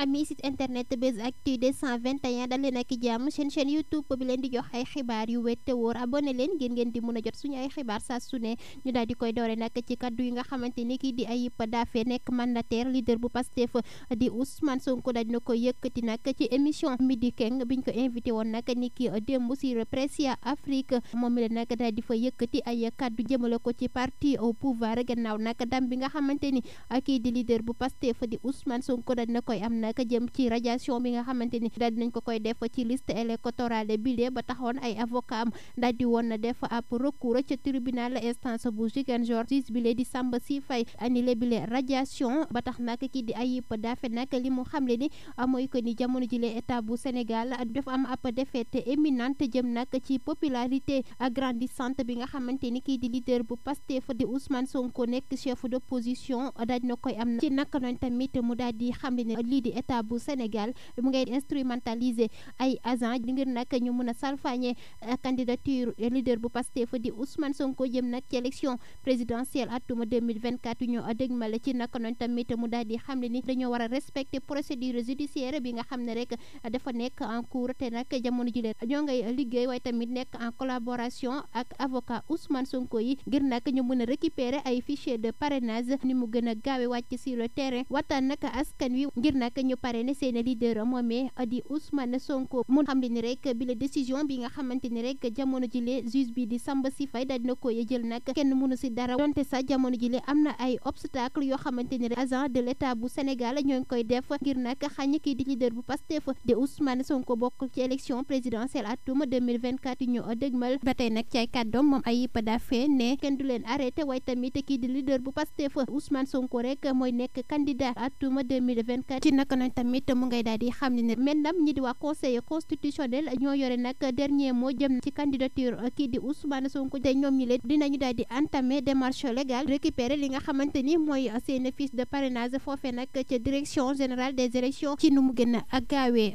ami site internet Buzz Actu 221 dal leen ak jàmm seen chaîne youtube bi leen di jox ay xibaar yu wér te wóor abonné ngeen ngeen di mën a jot suñu ay xibaar saa su ne ñu daal di koy doore nag ci kaddu yi nga xamante ni kii di Ayib Daffé nekk mandataire leader bu Pastef di Ousmane Sonko daal dina ko yëkkati nag ci émission midi keng biñ ko invité woon nag ki démb si Pressia Afrique moom mi nag daal di fa yëkkati ay kaddu jëmale ko ci parti au pouvoir gannaaw nag dam bi nga xamante ni kii di leader bu Pastef di Ousmane Sonko daal dina koy am na nag jëm ci radiation bi nga xamante ni daal dinañ ko koy def ci liste électorale bile ba taxoon ay avocat am daal di woon na def ab recours ca tribunal instance bu Ziguinchor juge bile di Samba Si Fay annulé bile radiation ba tax nag kii di Ayib Daffé nag li mu xamle ni mooy que ni jamono jile état bu Sénégal dafa am ab défaite éminente jëm nag ci popularité grandissante bi nga xamante ni kii di leader bu Pastef di Ousmane Sonko nekk chef d'opposition état bu Sénégal mu ngay instrumentaliser ay agent ngir nag ñu mën a salfaañe candidature leader bu Pastef di Ousmane Sonko jëm nag ci élection présidentielle atuma 2024 ñu dégmale ci naka noonu tamit mu daal di xamle ni dañoo war a respecter procédure judiciaire bi nga xam ne rek dafa nekk en cours te nag jamono ji leen ñoo ngay liggéey waaye tamit nekk en collaboration ak avocat Ousmane Sonko yi ngir nag ñu mën a récupérer ay fichier de parrainage ni mu gën a gaawe wàcc ci le ñu pare ne seen leader moomee di Ousmane Sonko mu xam le ni rek bi décision bi nga xamante ni rek jamono jile juge bi di Samba Si Fay daal dina koy jël nag kenn mënu si dara donte sax jamono jile am na ay obstacle yoo xamante ni rek agent de l'état bu Sénégal ñoo ngi koy def ngir nag xañ kii di leader bu Pastef di Ousmane Sonko bokk ci élection présidentielle atum 2024 ñu dëgmal ba tey nag ci ay kàddoom ne kenn du leen arrêté nañ tamit mu ngay daal di xam ne maintenant ñi di waa conseil constitutionnel ñoo yore nag dernier moo jëm ci candidature euh, kii di son Sonko te ñoom ñi leen dinañu daal di entamer démarche légale récupérer li nga xamante ni mooy euh, seen fiche de parrainage foofee nag ca direction générale des élections ci nu mu gën ak gaawee